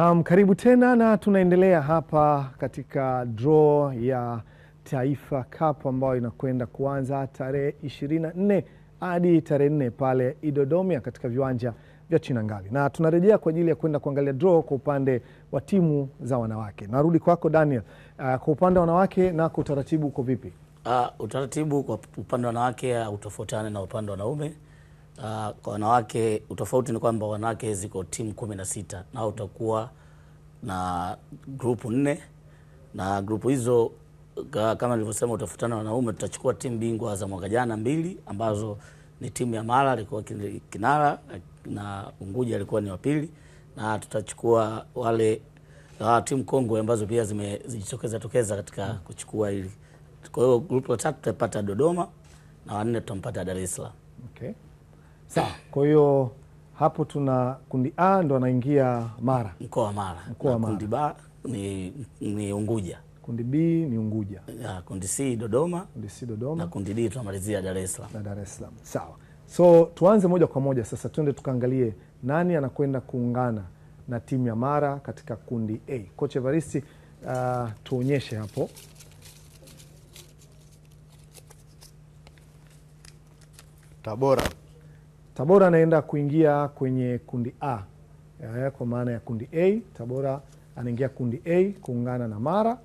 Naam, karibu tena na tunaendelea hapa katika draw ya Taifa Cup ambayo inakwenda kuanza tarehe 24 hadi tarehe 4 pale idodomia katika viwanja vya Chinangali, na tunarejea kwa ajili ya kwenda kuangalia draw kwa upande wa timu za wanawake. Narudi kwako Daniel. Uh, kwa upande wa wanawake nako utaratibu uko vipi? Uh, utaratibu kwa upande wa wanawake hautofautiana ah, na upande wa wanaume Uh, kwa wanawake utofauti ni kwamba wanawake ziko timu kumi na sita na utakuwa na grupu nne na grupu hizo kama nilivyosema utafutana wanaume, tutachukua timu bingwa za mwaka jana mbili ambazo ni timu ya Mara ilikuwa kinara na Unguja ilikuwa ni pili, na tutachukua wale uh, ah, timu kongwe ambazo pia zimejitokeza tokeza katika kuchukua hili. Kwa hiyo grupu la tatu tutapata Dodoma na wanne tutampata Dar es Salaam. Okay. Sawa. Kwa hiyo hapo tuna kundi A ndo anaingia Mara, mkoa wa Mara. Mkoa wa Mara. Kundi B ni, ni Unguja. Kundi B ni Unguja. Ya, kundi C Dodoma. Kundi C Dodoma. Na kundi D tunamalizia Dar es Salaam. Na Dar es Salaam. Sawa. So tuanze moja kwa moja sasa, twende tukaangalie nani anakwenda kuungana na timu ya Mara katika kundi A. Kocha Evaristi, uh, tuonyeshe hapo Tabora Tabora anaenda kuingia kwenye kundi A ya, eh, kwa maana ya kundi A Tabora anaingia kundi A kuungana na Mara.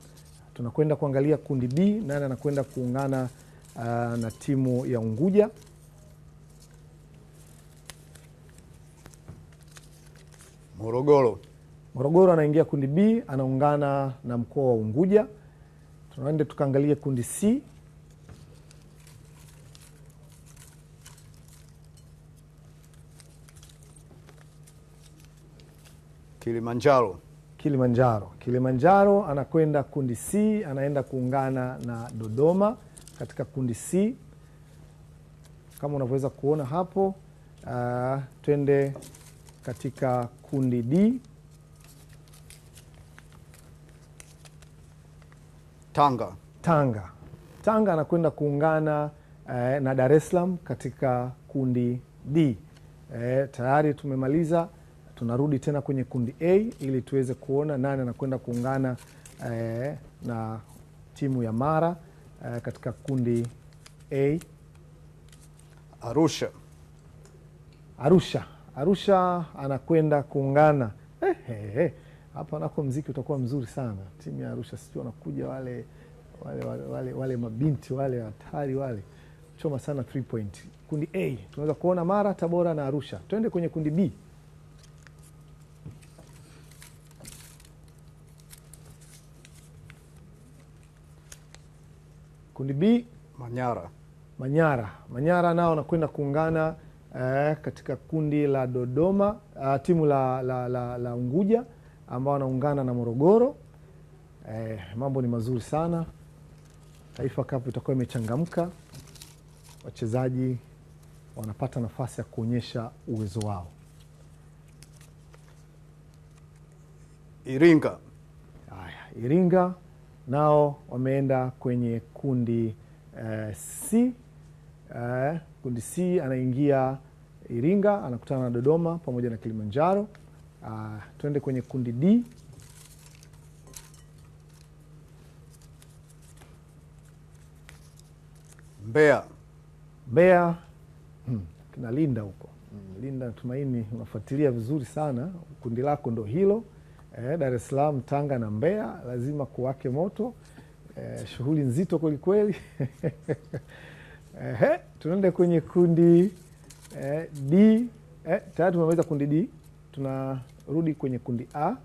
Tunakwenda kuangalia kundi B, nani anakwenda kuungana uh, na timu ya Unguja. Morogoro Morogoro anaingia kundi B anaungana na mkoa wa Unguja. Tunaende tukaangalie kundi C Kilimanjaro, Kilimanjaro, Kilimanjaro anakwenda kundi C, anaenda kuungana na Dodoma katika kundi C kama unavyoweza kuona hapo. Uh, twende katika kundi D. Tanga, Tanga, Tanga anakwenda kuungana eh, na Dar es Salaam katika kundi D. Eh, tayari tumemaliza tunarudi tena kwenye kundi A ili tuweze kuona nani anakwenda kuungana eh, na timu ya Mara eh, katika kundi A. Arusha Arusha Arusha anakwenda kuungana eh, eh, eh. nako mziki utakuwa mzuri sana. Timu ya Arusha sijui wanakuja wale, wale, wale, wale, wale mabinti wale hatari wale choma sana 3 point. Kundi A tunaweza kuona Mara, Tabora na Arusha. Tuende kwenye kundi B. Kundi B Manyara, Manyara, Manyara nao wanakwenda kuungana eh, katika kundi la Dodoma ah, timu la, la, la, la Unguja ambao wanaungana na Morogoro. Eh, mambo ni mazuri sana. Taifa Cup itakuwa imechangamka, wachezaji wanapata nafasi ya kuonyesha uwezo wao. Iringa, Aya, Iringa nao wameenda kwenye kundi eh, C eh, kundi C anaingia Iringa anakutana na Dodoma pamoja na Kilimanjaro. Uh, ah, tuende kwenye kundi D. Mbeya, Mbeya hmm, kina Linda huko Linda, natumaini unafuatilia vizuri sana, kundi lako ndo hilo eh, Dar es Salaam, Tanga na Mbeya lazima kuwake moto eh, shughuli nzito kwelikweli eh, tunaenda kwenye kundi eh, D eh, tayari tumemaliza kundi D, tunarudi kwenye kundi A.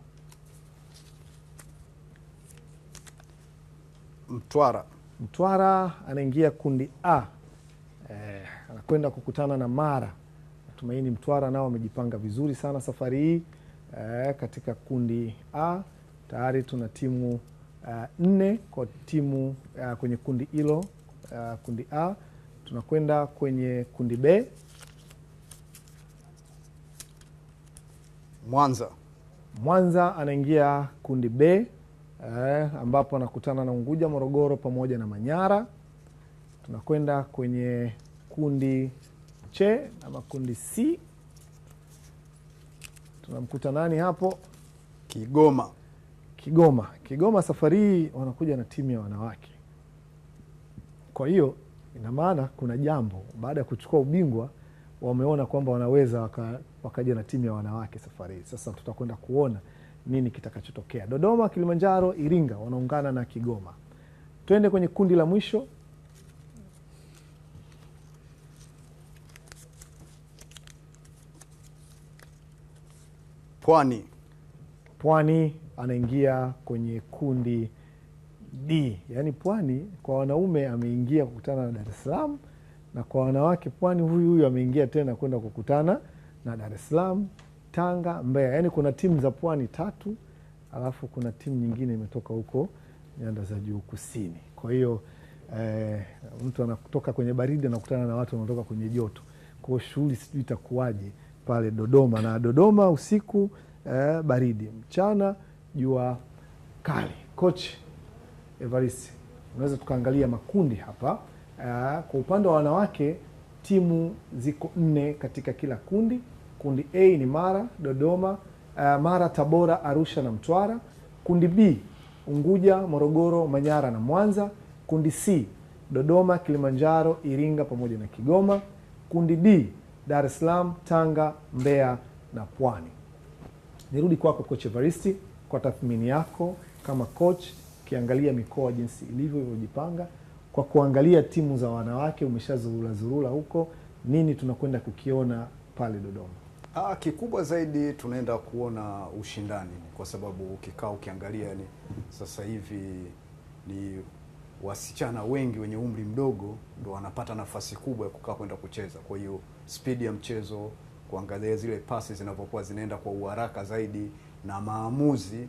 Mtwara Mtwara anaingia kundi A eh, anakwenda kukutana na Mara. Natumaini Mtwara nao wamejipanga vizuri sana safari hii eh, katika kundi A tayari tuna timu uh, nne kwa timu uh, kwenye kundi hilo uh, kundi A. Tunakwenda kwenye kundi B. Mwanza Mwanza anaingia kundi B eh, ambapo anakutana na Unguja, Morogoro pamoja na Manyara. Tunakwenda kwenye kundi C ama kundi C tunamkuta nani hapo? Kigoma. Kigoma, Kigoma safari hii wanakuja na timu ya wanawake, kwa hiyo ina maana kuna jambo. Baada ya kuchukua ubingwa, wameona kwamba wanaweza waka, wakaja na timu ya wanawake safari hii. Sasa tutakwenda kuona nini kitakachotokea. Dodoma, Kilimanjaro, Iringa wanaungana na Kigoma. Twende kwenye kundi la mwisho. Pwani. Pwani anaingia kwenye kundi D, yaani Pwani kwa wanaume ameingia kukutana na Dar es Salaam na kwa wanawake Pwani huyu huyu ameingia tena kwenda kukutana na Dar es Salaam, Tanga, Mbeya. Yaani kuna timu za Pwani tatu alafu kuna timu nyingine imetoka huko nyanda za juu kusini. Kwa hiyo eh, mtu anatoka kwenye baridi anakutana na watu wanaotoka kwenye joto, kwa hiyo shughuli sijui itakuwaje pale Dodoma, na Dodoma usiku eh, baridi, mchana jua kali. Kochi Evariste, unaweza tukaangalia makundi hapa eh, kwa upande wa wanawake timu ziko nne katika kila kundi. Kundi A ni Mara, Dodoma, eh, Mara, Tabora, Arusha na Mtwara. Kundi B Unguja, Morogoro, Manyara na Mwanza. Kundi C Dodoma, Kilimanjaro, Iringa pamoja na Kigoma. Kundi D Dar es Salaam, Tanga, Mbeya na Pwani. Nirudi kwako Coach Evaristi kwa tathmini yako kama coach, ukiangalia mikoa jinsi ilivyo ilivyojipanga kwa kuangalia timu za wanawake, umeshazurura zurura huko, nini tunakwenda kukiona pale Dodoma? Ah, kikubwa zaidi tunaenda kuona ushindani, kwa sababu ukikaa ukiangalia ni sasa hivi ni wasichana wengi wenye umri mdogo ndo wanapata nafasi kubwa ya kukaa kwenda kucheza, kwa hiyo spidi ya mchezo, kuangalia zile pasi zinavyokuwa zinaenda kwa uharaka zaidi na maamuzi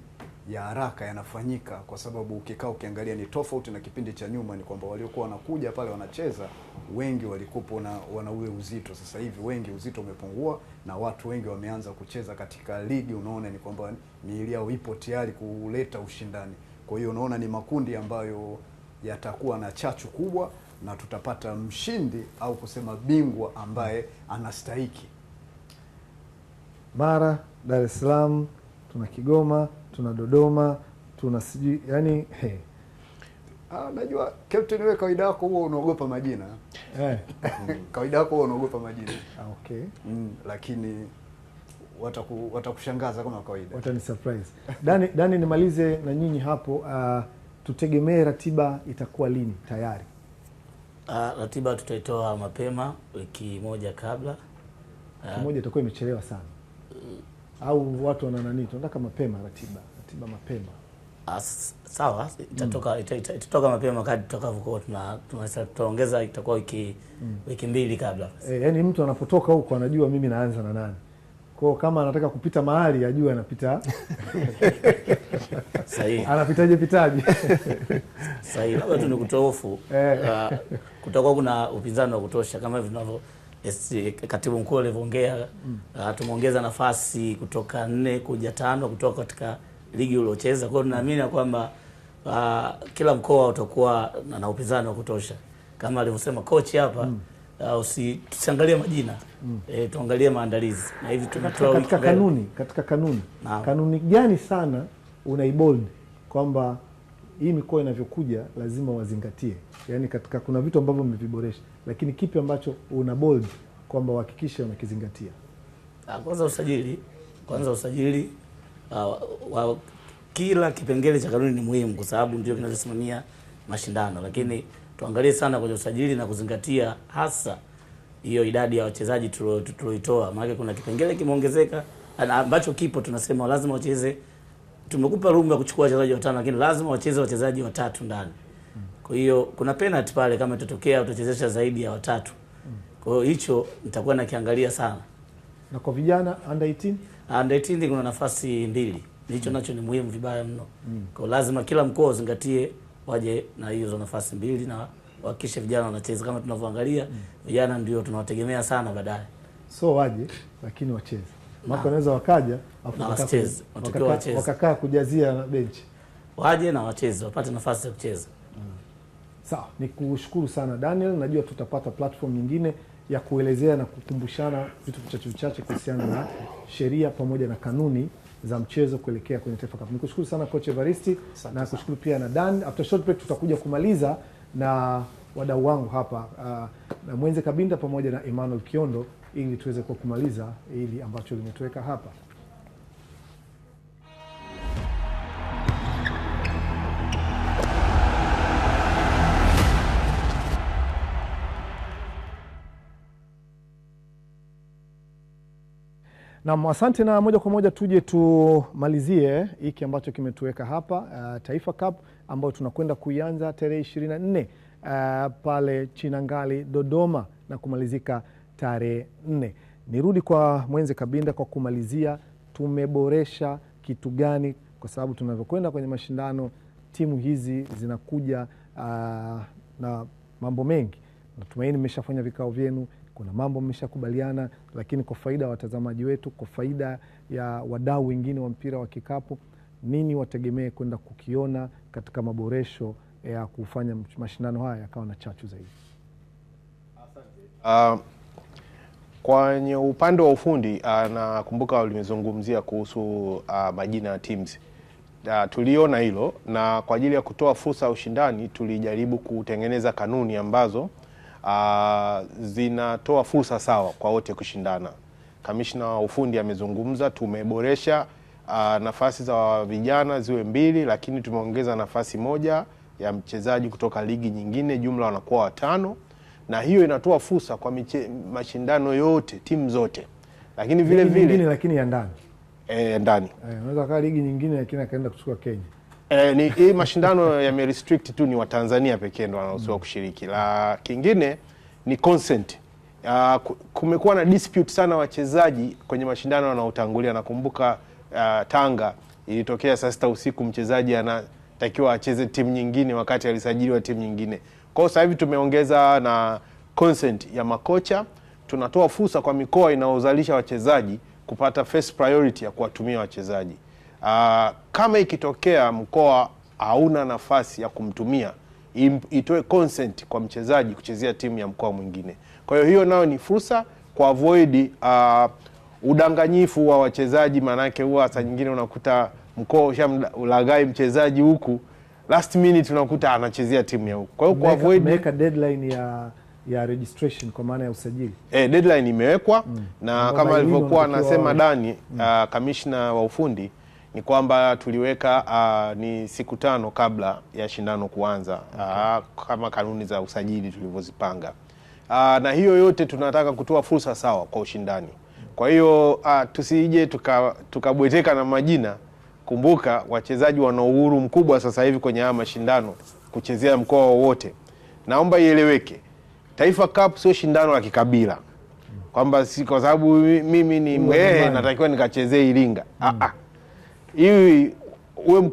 ya haraka yanafanyika, kwa sababu ukikaa ukiangalia ni tofauti na kipindi cha nyuma, ni kwamba waliokuwa wanakuja pale wanacheza wengi walikupo na wana ule uzito. Sasa hivi wengi uzito umepungua na watu wengi wameanza kucheza katika ligi, unaona ni kwamba miili yao ipo tayari kuleta ushindani. Kwa hiyo unaona ni makundi ambayo yatakuwa na chachu kubwa na tutapata mshindi au kusema bingwa ambaye anastahiki. Mara, Dar es Salaam, tuna Kigoma, tuna Dodoma, tuna sijui yani hey. Ah, najua captain, wewe kawaida yako huwa unaogopa majina eh. kawaida yako huwa unaogopa majina ah, okay. Mm, lakini wataku, watakushangaza kama kawaida, watani surprise Dani, Dani nimalize na nyinyi hapo. Uh, tutegemee ratiba itakuwa lini tayari? Uh, ratiba tutaitoa mapema wiki moja kabla. Ah, wiki moja itakuwa imechelewa sana. Uh, au watu wana nani, tunataka mapema ratiba, ratiba mapema. Ah, sawa itatoka, mm. ita, ita, itatoka mapema kadri tutakavyokuwa tuna tutaongeza itakuwa wiki mm. wiki mbili kabla. Eh, yani mtu anapotoka huko anajua mimi naanza na nani. Kwa kama anataka kupita mahali ajue anapita sahihi, anapitaje pitaje sahihi, labda tu ni kutohofu uh, eh. ah, kutakuwa kuna upinzani wa kutosha kama hivi tunavyo eh, katibu mkuu alivyoongea. Uh, tumeongeza nafasi kutoka nne kuja tano kutoka katika ligi uliocheza. Kwa hiyo tunaamini kwamba uh, kila mkoa utakuwa na upinzani wa kutosha kama alivyosema kochi hapa mm. tusiangalie majina mm. E, tuangalie maandalizi na hivi tunatoa katika, katika kanuni katika kanuni na. kanuni gani sana unaibold kwamba hii mikoa inavyokuja lazima wazingatie, yaani katika kuna vitu ambavyo mmeviboresha, lakini kipi ambacho una bold kwamba uhakikishe unakizingatia? Ah, kwanza usajili, kwanza usajili uh, wa, kila kipengele cha kanuni ni muhimu kwa sababu ndio kinachosimamia mashindano, lakini tuangalie sana kwenye usajili na kuzingatia hasa hiyo idadi ya wachezaji tulioitoa, maana kuna kipengele kimeongezeka ambacho kipo, tunasema lazima wacheze tumekupa room ya kuchukua wachezaji watano, lakini lazima wacheze wachezaji watatu ndani. Kwa hiyo kuna penalty pale, kama itatokea utachezesha zaidi ya watatu. Kwa hiyo hicho nitakuwa nakiangalia sana. Na kwa vijana under 18, under 18 kuna nafasi mbili, hicho mm. nacho ni muhimu vibaya mno mm. Kwa lazima kila mkoa uzingatie waje na hizo nafasi mbili na wakisha vijana wanacheza kama tunavyoangalia mm. vijana ndio tunawategemea sana baadaye, so waje lakini wacheze maka wanaweza wakaja wakakaa kujazia benchi, waje na wacheze wapate nafasi ya kucheza. Mm. Sawa, ni kushukuru sana Daniel, najua tutapata platform nyingine ya kuelezea na kukumbushana vitu vichache vichache kuhusiana na sheria pamoja na kanuni za mchezo kuelekea kwenye Taifa Cup. Nikushukuru sana coach Evaristi na kushukuru pia na Dan. After short break tutakuja kumaliza na wadau wangu hapa uh, na Mwenze Kabinda pamoja na Emmanuel Kiondo ili tuweze kwa kumaliza hili ambacho limetuweka hapa. Naam, asante na moja kwa moja tuje tumalizie hiki ambacho kimetuweka hapa uh, Taifa Cup ambayo tunakwenda kuianza tarehe 24 uh, pale Chinangali Dodoma na kumalizika tarehe nne. Nirudi kwa Mwenze Kabinda kwa kumalizia, tumeboresha kitu gani? Kwa sababu tunavyokwenda kwenye mashindano timu hizi zinakuja uh, na mambo mengi. Natumaini mmeshafanya vikao vyenu, kuna mambo mmeshakubaliana, lakini kwa faida ya watazamaji wetu, kwa faida ya wadau wengine wa mpira wa kikapu, nini wategemee kwenda kukiona katika maboresho ya kufanya mashindano haya yakawa na chachu zaidi? Uh, Kwenye upande wa ufundi uh, nakumbuka ulimezungumzia kuhusu uh, majina ya teams uh, tuliona hilo, na kwa ajili ya kutoa fursa ya ushindani tulijaribu kutengeneza kanuni ambazo uh, zinatoa fursa sawa kwa wote kushindana. Kamishna wa ufundi amezungumza, tumeboresha uh, nafasi za vijana ziwe mbili, lakini tumeongeza nafasi moja ya mchezaji kutoka ligi nyingine, jumla wanakuwa watano na hiyo inatoa fursa kwa miche, mashindano yote timu zote, lakini vile vile nyingine, lakini ya ndani e, ndani e, unaweza kaa ligi nyingine lakini akaenda kuchukua Kenya e, ni hii mashindano yamerestrict tu ni Watanzania pekee ndio wanaruhusiwa mm. kushiriki. La kingine ni consent Uh, kumekuwa na dispute sana wachezaji kwenye mashindano wanaotangulia. Nakumbuka uh, Tanga ilitokea saa sita usiku mchezaji anatakiwa acheze timu nyingine wakati alisajiliwa timu nyingine. Kwa sasa hivi tumeongeza na consent ya makocha, tunatoa fursa kwa mikoa inayozalisha wachezaji kupata first priority ya kuwatumia wachezaji. Aa, ah, kama ikitokea mkoa hauna nafasi ya kumtumia itoe consent kwa mchezaji kuchezea timu ya mkoa mwingine. Kwa hiyo hiyo nayo ni fursa kwa avoid uh, udanganyifu wa wachezaji, maanake huwa saa nyingine unakuta mkoa ushamlaghai mchezaji huku last minute unakuta anachezea timu ya huko. Kwa hiyo kwa avoid meka deadline ya ya registration kwa maana ya usajili eh, deadline imewekwa mm. na Mbaba kama alivyokuwa anasema mm. Dani uh, kamishna mm. uh, wa ufundi ni kwamba tuliweka uh, ni siku tano kabla ya shindano kuanza uh, okay. uh, kama kanuni za usajili tulivyozipanga uh, na hiyo yote tunataka kutoa fursa sawa kwa ushindani. Kwa hiyo uh, tusije tukabweteka tuka na majina kumbuka wachezaji wana uhuru mkubwa sasa hivi kwenye haya mashindano kuchezea mkoa wowote. Naomba ieleweke, Taifa Cup sio shindano la kikabila kwamba si kwa sababu mimi ni mwehe natakiwa nikachezee Iringa. mm. Ah, ah. hivi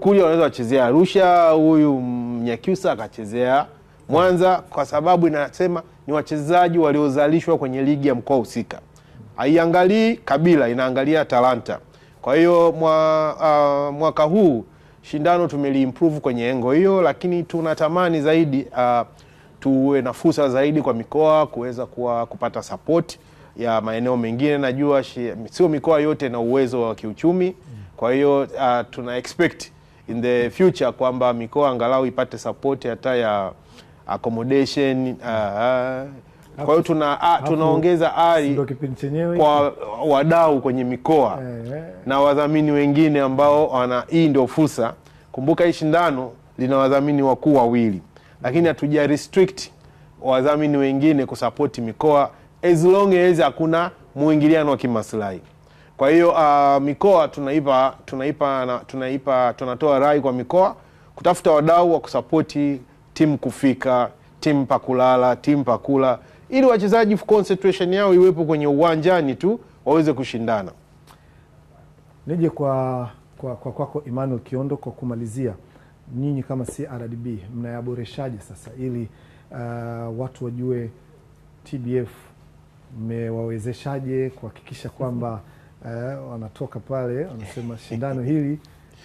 unaweza wachezea Arusha, huyu Mnyakyusa akachezea Mwanza, kwa sababu inasema ni wachezaji waliozalishwa kwenye ligi ya mkoa husika. Haiangalii kabila, inaangalia talanta. Kwa hiyo mwa, uh, mwaka huu shindano tumeliimprove kwenye engo hiyo, lakini tunatamani zaidi uh, tuwe na fursa zaidi kwa mikoa kuweza kuwa kupata support ya maeneo mengine. Najua sio mikoa yote na uwezo wa kiuchumi, kwa hiyo uh, tuna expect in the future kwamba mikoa angalau ipate support hata ya accommodation uh, kwa hiyo tuna, tunaongeza ari kwa wadau kwenye mikoa eh, eh. na wadhamini wengine ambao wana hii ndio fursa. Kumbuka hii shindano lina wadhamini wakuu wawili, lakini hatuja restrict wadhamini wengine kusapoti mikoa as long as hakuna mwingiliano wa kimaslahi. Kwa hiyo uh, mikoa tunaipa tunaipa na, tunaipa tunatoa rai kwa mikoa kutafuta wadau wa kusapoti timu kufika, timu pakulala, timu pakula ili wachezaji concentration yao iwepo kwenye uwanjani tu waweze kushindana. Nije kwa kwako kwa, kwa Emmanuel Kiondo kwa kumalizia, nyinyi kama CRDB mnayaboreshaje sasa ili uh, watu wajue TBF mmewawezeshaje kuhakikisha kwamba uh, wanatoka pale wanasema shindano hili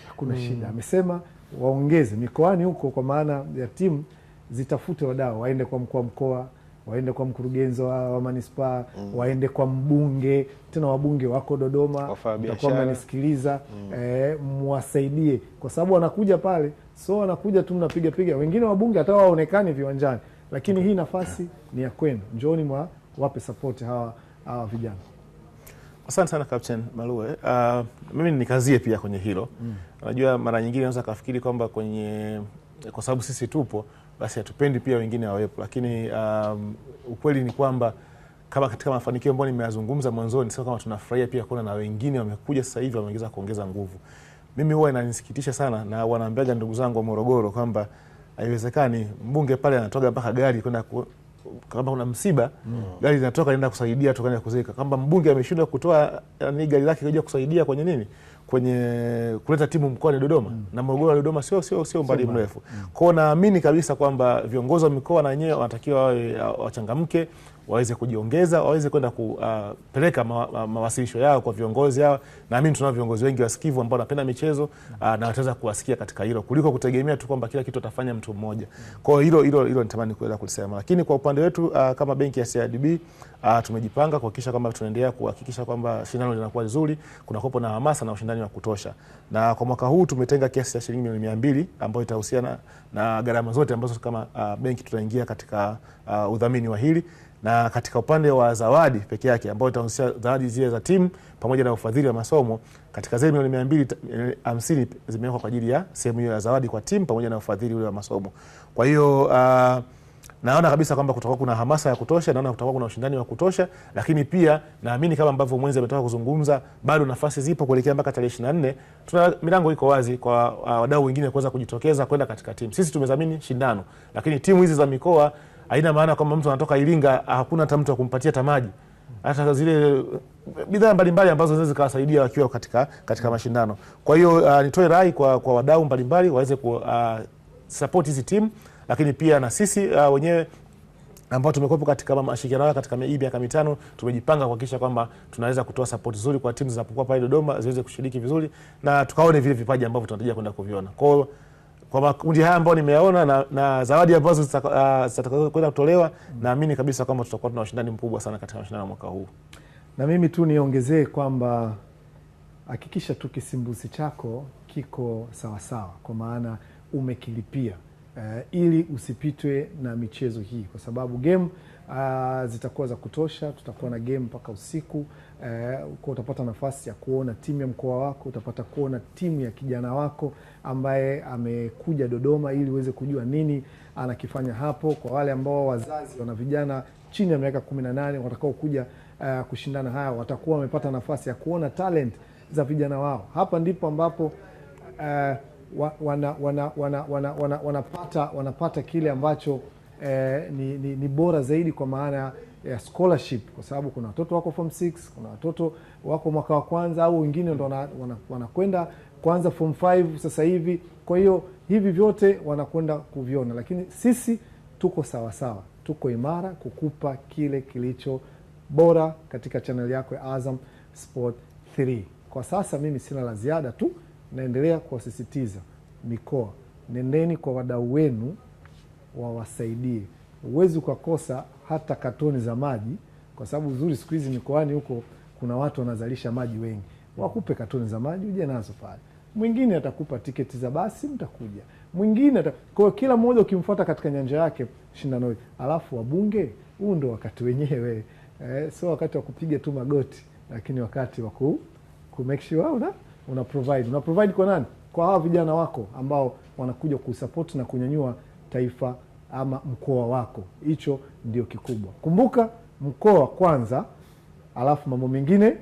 hakuna mm. shida. Amesema waongeze mikoani huko, kwa maana ya timu zitafute wadau waende kwa mkuu wa mkoa waende kwa mkurugenzi wa, wa manispaa mm. waende kwa mbunge. Tena wabunge wako Dodoma, takuwa mnanisikiliza mm. eh, mwasaidie kwa sababu wanakuja pale, so wanakuja tu mnapiga piga, wengine wabunge hata waonekani viwanjani, lakini hii nafasi ni ya kwenu, njooni mwa wape sapoti hawa, hawa vijana. Asante sana Captain Malue. Uh, mimi nikazie pia kwenye hilo mm. najua mara nyingine naweza kafikiri kwamba kwenye kwa sababu sisi tupo basi hatupendi pia wengine wawepo, lakini um, ukweli ni kwamba kama katika mafanikio ambayo nimeyazungumza mwanzoni, sio kama tunafurahia pia kuona na wengine wamekuja sasa hivi wameongeza kuongeza nguvu. Mimi huwa inanisikitisha sana na wanaambiaga ndugu zangu wa Morogoro kwamba haiwezekani mbunge pale anatoga mpaka gari kwenda ku, kama kuna msiba mm. gari linatoka linaenda kusaidia tu kwenda kuzika, kwamba mbunge ameshindwa kutoa ni gari lake kuja kusaidia kwenye nini kwenye kuleta timu mkoani Dodoma mm. na Morogoro na Dodoma sio sio sio mbali mrefu mm. kwao, naamini kabisa kwamba viongozi wa mikoa na wenyewe wanatakiwa wawe wachangamke waweze kujiongeza, waweze kwenda kupeleka uh, ma, ma, mawasilisho yao kwa viongozi hao. Naamini tunao viongozi wengi wasikivu ambao wanapenda michezo uh, na wataweza kuwasikia katika hilo kuliko kutegemea tu kwamba kila kitu atafanya mtu mmoja. Kwa hiyo hilo hilo hilo nitamani kuweza kulisema, lakini kwa upande wetu uh, kama benki ya CRDB uh, tumejipanga kuhakikisha kwamba tunaendelea kuhakikisha kwamba shindano linakuwa zuri, kuna kopo na hamasa na ushindani wa kutosha, na kwa mwaka huu tumetenga kiasi cha shilingi milioni mbili ambayo itahusiana na, na gharama zote ambazo kama uh, benki tutaingia katika uh, udhamini wa hili na katika upande wa zawadi peke yake ambayo itahusisha zawadi zile za timu pamoja na ufadhili wa masomo katika zile milioni mia mbili eh, hamsini zimewekwa kwa ajili ya sehemu hiyo ya zawadi kwa timu pamoja na ufadhili ule wa masomo. Kwa hiyo uh, naona kabisa kwamba kutakuwa kuna hamasa ya kutosha, naona kutakuwa kuna ushindani wa kutosha, lakini pia naamini kama ambavyo mwenzi ametoka kuzungumza, bado nafasi zipo kuelekea mpaka tarehe ishirini na nne. Tuna milango iko wazi kwa uh, wadau wengine kuweza kujitokeza kwenda katika timu. Sisi tumezamini shindano, lakini timu hizi za mikoa haina maana kwamba mtu anatoka Iringa hakuna hata mtu wa kumpatia tamaji, hata zile eh, bidhaa mbalimbali ambazo zinaweza zikawasaidia wakiwa katika, katika mashindano. Kwa hiyo uh, nitoe rai kwa, kwa wadau mbalimbali waweze ku uh, support hizi timu, lakini pia na sisi uh, wenyewe ambao tumekuwepo katika mashirikiano haya katika hii miaka mitano, tumejipanga kuhakikisha kwamba tunaweza kutoa sapoti nzuri kwa timu zinapokuwa pale Dodoma ziweze kushiriki vizuri na tukaone vile vipaji ambavyo tunatarajia kwenda kuviona kwao kwa makundi haya ambayo nimeyaona na, na zawadi ambazo zitakazokwenda uh, kutolewa mm. Naamini kabisa kwamba tutakuwa tuna ushindani mkubwa sana katika mashindano ya mwaka huu, na mimi tu niongezee kwamba hakikisha tu kisimbuzi chako kiko sawasawa sawa, kwa maana umekilipia uh, ili usipitwe na michezo hii kwa sababu game uh, zitakuwa za kutosha. Tutakuwa na game mpaka usiku uh, utapata nafasi ya kuona timu ya mkoa wako, utapata kuona timu ya kijana wako ambaye amekuja Dodoma ili uweze kujua nini anakifanya hapo. Kwa wale ambao wazazi wana vijana chini ya miaka kumi na nane watakao kuja uh, eh, kushindana haya, watakuwa wamepata nafasi ya kuona talent za vijana wao. Hapa ndipo ambapo uh, eh, wanapata wana, wana, wana, wana, wana wanapata kile ambacho eh, ni, ni, ni bora zaidi kwa maana ya scholarship, kwa sababu kuna watoto wako form 6, kuna watoto wako mwaka wa kwanza au wengine ndo wanakwenda wana, kwanza form 5 sasa hivi. Kwa hiyo hivi vyote wanakwenda kuviona, lakini sisi tuko sawasawa sawa, tuko imara kukupa kile kilicho bora katika channel yako ya Azam Sport 3. Kwa sasa mimi sina la ziada tu, naendelea kuwasisitiza mikoa, nendeni kwa wadau wenu wawasaidie. Huwezi ukakosa hata katoni za maji, kwa sababu uzuri siku hizi mikoani huko kuna watu wanazalisha maji wengi, wakupe katoni za maji uje nazo pale. Mwingine atakupa tiketi za basi, mtakuja mwingine ata... kwa kila mmoja ukimfuata katika nyanja yake shindano Alafu wabunge, huu ndo wakati wenyewe eh, sio wakati wa kupiga tu magoti, lakini wakati wa ku make sure una una provide una provide kwa nani? Kwa hawa vijana wako ambao wanakuja kusupport na kunyanyua taifa ama mkoa wako. Hicho ndio kikubwa. Kumbuka mkoa kwanza, alafu mambo mengine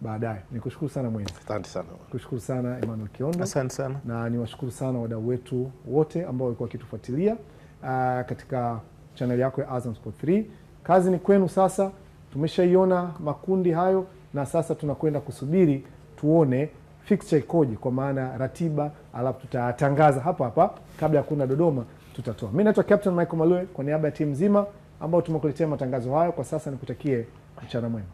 baadaye. Nikushukuru sana mwenzi, asante sana. Kushukuru sana Emmanuel Kiondo, asante sana, na niwashukuru sana wadau wetu wote ambao walikuwa wakitufuatilia uh, katika chaneli yako ya Azam Sport 3. Kazi ni kwenu sasa, tumeshaiona makundi hayo na sasa tunakwenda kusubiri tuone fixture ikoje, kwa maana ratiba, alafu tutatangaza hapa hapa kabla ya kuenda Dodoma tutatoa. Mi naitwa Captain Michael Malue kwa niaba ya timu nzima ambao tumekuletea matangazo hayo. Kwa sasa nikutakie mchana mwema.